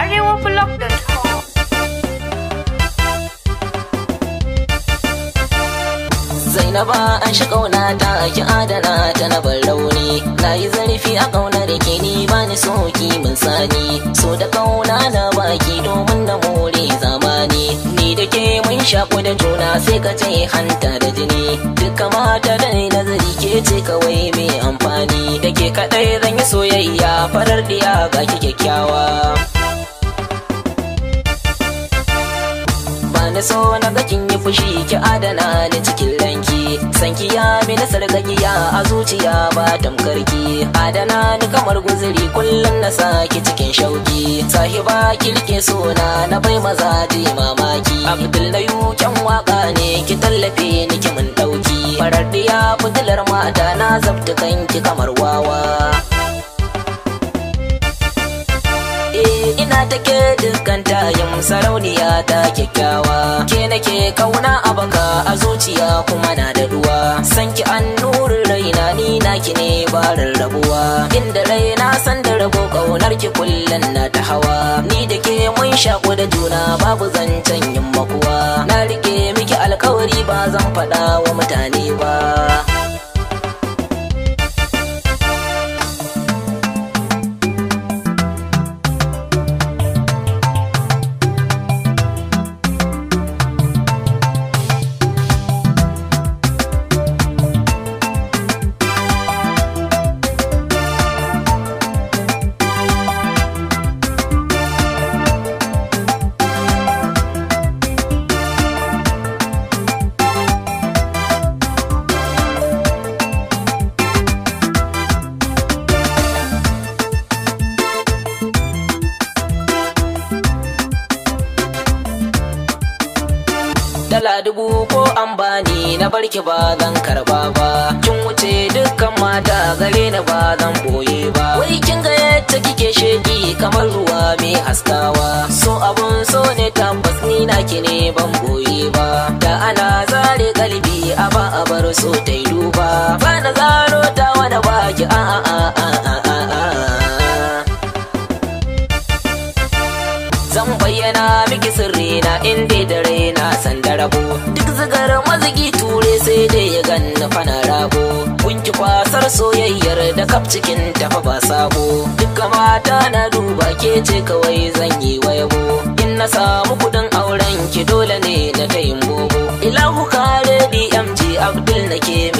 arewablog.com. Zainaba an shi ƙauna ta ki adana ta na ban rauni na yi zarafi a ƙaunar ke ni ba ni soki mun sani so da ƙauna na baki domin na more zamani ni da ke mun shaƙo da juna sai ka ce hanta da jini duk kamata da nazari ke ce kawai mai amfani da ke kaɗai zan yi soyayya farar diya ga ki kyakkyawa. na so na ga kin yi fushi ki adana ni cikin ranki sanki ya mini sargagiya a zuciya ba tamkarki adana ni kamar guzuri kullum na saki cikin shauki sahiba kilke suna na bai maza ji mamaki abdul na waka ne ki tallafe ni ki mun dauki farar diya fitilar mata na zabtukan kanki kamar wawa kauna take dukkan yin sarauniya ta kyakkyawa ke nake kauna a baka a zuciya kuma na da duwa sanki an nurin raina ni naki ne ba rarrabuwa inda raina san da rabo kaunar ki kullun na ta hawa ni da ke mun shaku da juna babu zancen yin makuwa na rike miki alkawari ba zan faɗa wa mutane ba dala dubu ko an bani na barki ba zan karba ba kin wuce dukkan mata gare na ba zan boye ba wai kin ga yadda kike sheki kamar ruwa mai haskawa so abun so ne tambas ni na ki ne ban boye ba da ana zare kalbi a ba a bar so ta duba zan bayyana miki sirri na inda da raina san da rabo duk zigar mazigi ture sai dai ya ganna fana rago kunki kwasar soyayyar da kaf cikin tafa ba sabo duka mata na duba ke ce kawai zan yi wayabo in na samu kudin auren ki dole ne na kai Ila ilahu kare dmg abdul nake